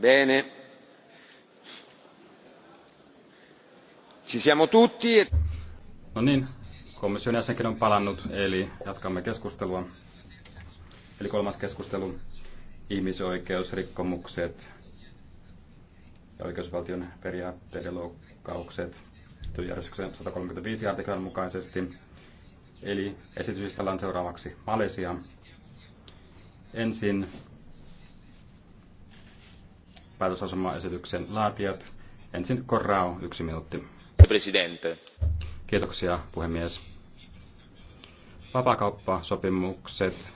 Bene. Ci siamo tutti. E- no niin, komission jäsenkin on palannut, eli jatkamme keskustelua. Eli kolmas keskustelu, ihmisoikeusrikkomukset ja oikeusvaltion periaatteiden loukkaukset työjärjestyksen 135 artiklan mukaisesti. Eli esityslistalla on seuraavaksi Malesia. Ensin päätösasemaesityksen laatijat. Ensin Korrao, yksi minuutti. Presidente. Kiitoksia, puhemies. Vapakauppasopimukset